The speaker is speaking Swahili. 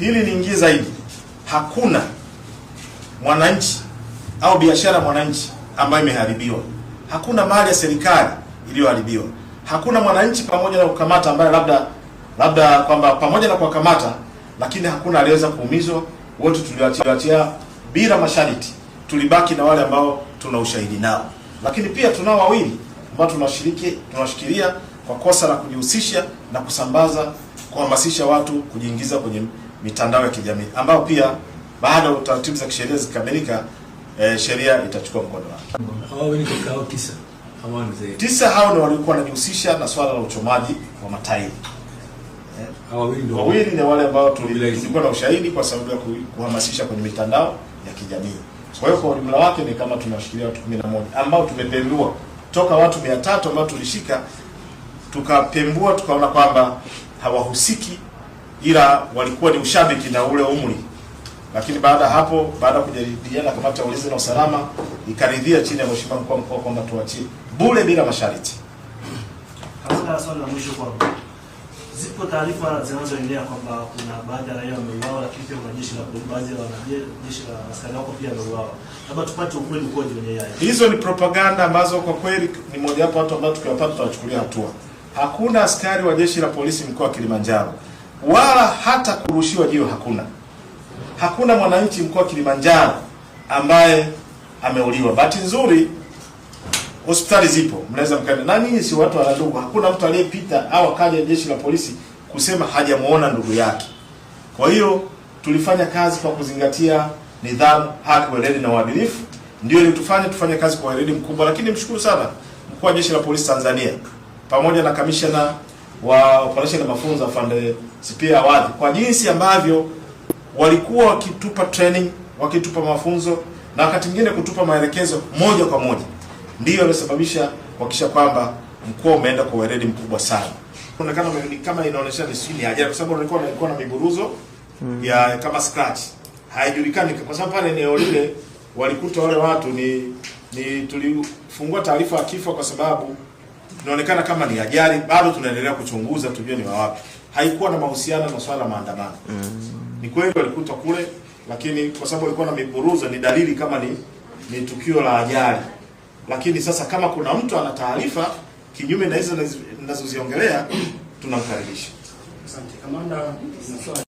hili niingie zaidi, hakuna mwananchi au biashara mwananchi ambayo imeharibiwa, hakuna mali ya serikali iliyoharibiwa, hakuna mwananchi pamoja na kukamata ambaye labda labda kwamba pamoja na kuwakamata, lakini hakuna aliweza kuumizwa. Wote tuliwatia bila mashariti tulibaki na wale ambao tuna ushahidi nao, lakini pia tunao wawili ambao tunashiriki tunawashikilia kwa kosa la kujihusisha na kusambaza kuhamasisha watu kujiingiza kwenye mitandao ya kijamii ambao pia baada ya taratibu za kisheria zikikamilika, e, sheria itachukua mkondo wake. Tisa hao ndio walikuwa wanajihusisha na swala la uchomaji wa matairi. Eh, wawili ni wale ambao tulikuwa na ushahidi kwa sababu ya kuhamasisha kwenye mitandao ya kijamii. Kwa hiyo kwa ujumla wake ni kama tunawashikilia watu 11 ambao tumepembua toka watu 300 ambao tulishika tukapembua tukaona kwamba hawahusiki ila walikuwa ni ushabiki na ule umri, lakini baada ya hapo, baada ya kujadiliana, kamati ya ulinzi na usalama ikaridhia chini ya mheshimiwa mkuu wa mkoa kwamba tuachie bure bila masharti. Katika swali la mwisho kwa zipo taarifa zinazoendelea kwamba kuna baadhi ya raia wameuawa, lakini pia kuna jeshi la baadhi ya wanajeshi la askari wako pia wameuawa, labda tupate ukweli kwa ukoje kwenye yale. Hizo ni propaganda ambazo kwa kweli ni mojawapo watu ambao tukiwapata tutawachukulia hatua. Hakuna askari wa jeshi la polisi mkoa wa Kilimanjaro wala hata kurushiwa jiwe hakuna. Hakuna mwananchi mkoa wa Kilimanjaro ambaye ameuliwa. Bahati nzuri hospitali zipo, mnaweza mkaenda ninyi, si watu wa ndugu. Hakuna mtu aliyepita au akaja jeshi la polisi kusema hajamuona ndugu yake. Kwa hiyo tulifanya kazi kwa kuzingatia nidhamu, haki, weledi na uadilifu, ndio ilitufanya tufanye kazi kwa weledi mkubwa. Lakini mshukuru sana mkuu wa jeshi la polisi Tanzania pamoja na kamishna wa operation na mafunzo afande Sipia Awadhi kwa jinsi ambavyo walikuwa wakitupa training, wakitupa mafunzo na wakati mwingine kutupa maelekezo moja kwa moja, ndiyo ilisababisha kuhakikisha kwamba mkoa umeenda kwa weledi mkubwa sana. Kuna kama kama inaonyesha ni sini haja kwa sababu walikuwa walikuwa na miburuzo mm. ya kama scratch haijulikani, kwa sababu pale eneo lile walikuta wale watu ni ni tulifungua taarifa ya kifo kwa sababu inaonekana kama ni ajali, bado tunaendelea kuchunguza tujue ni wawapi. Haikuwa na mahusiano na swala maandamano. Mm. Ni kweli walikuta kule, lakini kwa sababu alikuwa na miburuza, ni dalili kama ni ni tukio la ajali. Lakini sasa kama kuna mtu ana taarifa kinyume na hizo ninazoziongelea, tunamkaribisha. Asante kamanda.